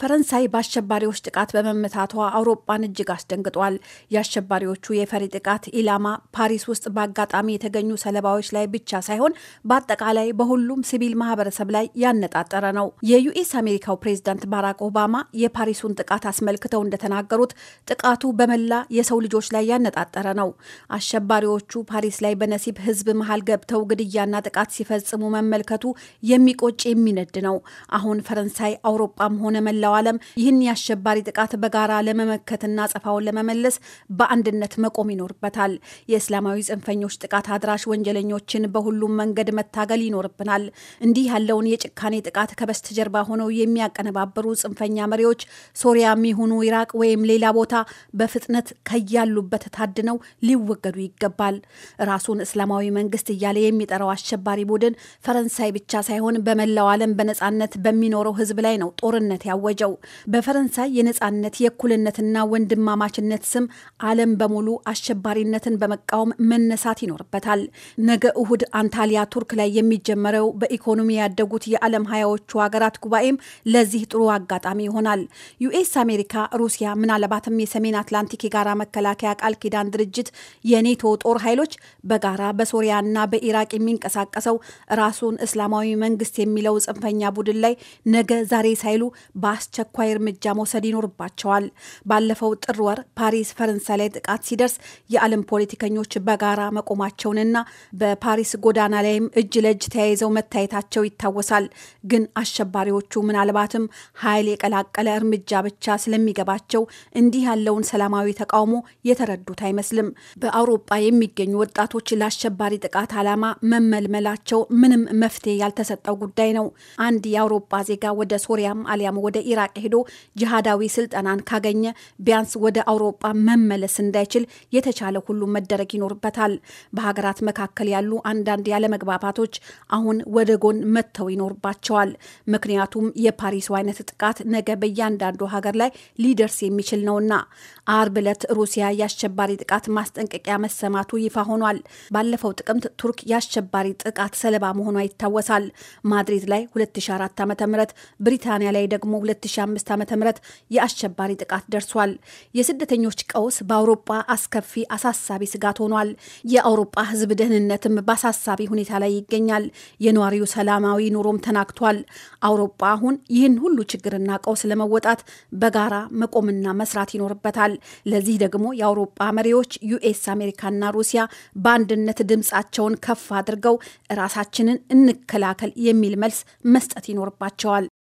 ፈረንሳይ በአሸባሪዎች ጥቃት በመመታቷ አውሮፓን እጅግ አስደንግጧል። የአሸባሪዎቹ የፈሪ ጥቃት ኢላማ ፓሪስ ውስጥ በአጋጣሚ የተገኙ ሰለባዎች ላይ ብቻ ሳይሆን በአጠቃላይ በሁሉም ሲቪል ማህበረሰብ ላይ ያነጣጠረ ነው። የዩኤስ አሜሪካው ፕሬዝዳንት ባራክ ኦባማ የፓሪሱን ጥቃት አስመልክተው እንደተናገሩት ጥቃቱ በመላ የሰው ልጆች ላይ ያነጣጠረ ነው። አሸባሪዎቹ ፓሪስ ላይ በነሲብ ህዝብ መሀል ገብተው ግድያና ጥቃት ሲፈጽሙ መመልከቱ የሚቆጭ የሚነድ ነው። አሁን ፈረንሳይ አውሮፓም ሆነ መላ መላው ዓለም ይህን የአሸባሪ ጥቃት በጋራ ለመመከትና ጸፋውን ለመመለስ በአንድነት መቆም ይኖርበታል። የእስላማዊ ጽንፈኞች ጥቃት አድራሽ ወንጀለኞችን በሁሉም መንገድ መታገል ይኖርብናል። እንዲህ ያለውን የጭካኔ ጥቃት ከበስተጀርባ ሆነው የሚያቀነባብሩ ጽንፈኛ መሪዎች ሶሪያ የሚሆኑ ኢራቅ ወይም ሌላ ቦታ በፍጥነት ከያሉበት ታድነው ሊወገዱ ይገባል። ራሱን እስላማዊ መንግስት እያለ የሚጠራው አሸባሪ ቡድን ፈረንሳይ ብቻ ሳይሆን በመላው ዓለም በነጻነት በሚኖረው ህዝብ ላይ ነው ጦርነት ያወጀ ያወጀው። በፈረንሳይ የነፃነት የእኩልነትና ወንድማማችነት ስም ዓለም በሙሉ አሸባሪነትን በመቃወም መነሳት ይኖርበታል። ነገ እሁድ አንታሊያ ቱርክ ላይ የሚጀመረው በኢኮኖሚ ያደጉት የዓለም ሀያዎቹ ሀገራት ጉባኤም ለዚህ ጥሩ አጋጣሚ ይሆናል። ዩኤስ አሜሪካ፣ ሩሲያ ምናልባትም የሰሜን አትላንቲክ የጋራ መከላከያ ቃል ኪዳን ድርጅት የኔቶ ጦር ኃይሎች በጋራ በሶሪያና በኢራቅ የሚንቀሳቀሰው ራሱን እስላማዊ መንግስት የሚለው ጽንፈኛ ቡድን ላይ ነገ ዛሬ ሳይሉ በአስ አስቸኳይ እርምጃ መውሰድ ይኖርባቸዋል። ባለፈው ጥር ወር ፓሪስ ፈረንሳይ ላይ ጥቃት ሲደርስ የዓለም ፖለቲከኞች በጋራ መቆማቸውንና በፓሪስ ጎዳና ላይም እጅ ለእጅ ተያይዘው መታየታቸው ይታወሳል። ግን አሸባሪዎቹ ምናልባትም ኃይል የቀላቀለ እርምጃ ብቻ ስለሚገባቸው እንዲህ ያለውን ሰላማዊ ተቃውሞ የተረዱት አይመስልም። በአውሮጳ የሚገኙ ወጣቶች ለአሸባሪ ጥቃት ዓላማ መመልመላቸው ምንም መፍትሄ ያልተሰጠው ጉዳይ ነው። አንድ የአውሮጳ ዜጋ ወደ ሶሪያም አሊያም ወደ ኢራቅ ሄዶ ጅሃዳዊ ስልጠናን ካገኘ ቢያንስ ወደ አውሮጳ መመለስ እንዳይችል የተቻለ ሁሉ መደረግ ይኖርበታል። በሀገራት መካከል ያሉ አንዳንድ ያለመግባባቶች አሁን ወደ ጎን መጥተው ይኖርባቸዋል። ምክንያቱም የፓሪሱ አይነት ጥቃት ነገ በእያንዳንዱ ሀገር ላይ ሊደርስ የሚችል ነውና። አርብ ዕለት ሩሲያ የአሸባሪ ጥቃት ማስጠንቀቂያ መሰማቱ ይፋ ሆኗል። ባለፈው ጥቅምት ቱርክ የአሸባሪ ጥቃት ሰለባ መሆኗ ይታወሳል። ማድሪድ ላይ 2004 ዓ.ም ብሪታንያ ላይ ደግሞ 2005 ዓ ም የአሸባሪ ጥቃት ደርሷል። የስደተኞች ቀውስ በአውሮጳ አስከፊ አሳሳቢ ስጋት ሆኗል። የአውሮጳ ሕዝብ ደህንነትም በአሳሳቢ ሁኔታ ላይ ይገኛል። የነዋሪው ሰላማዊ ኑሮም ተናግቷል። አውሮጳ አሁን ይህን ሁሉ ችግርና ቀውስ ለመወጣት በጋራ መቆምና መስራት ይኖርበታል። ለዚህ ደግሞ የአውሮጳ መሪዎች ዩኤስ፣ አሜሪካና ሩሲያ በአንድነት ድምፃቸውን ከፍ አድርገው ራሳችንን እንከላከል የሚል መልስ መስጠት ይኖርባቸዋል።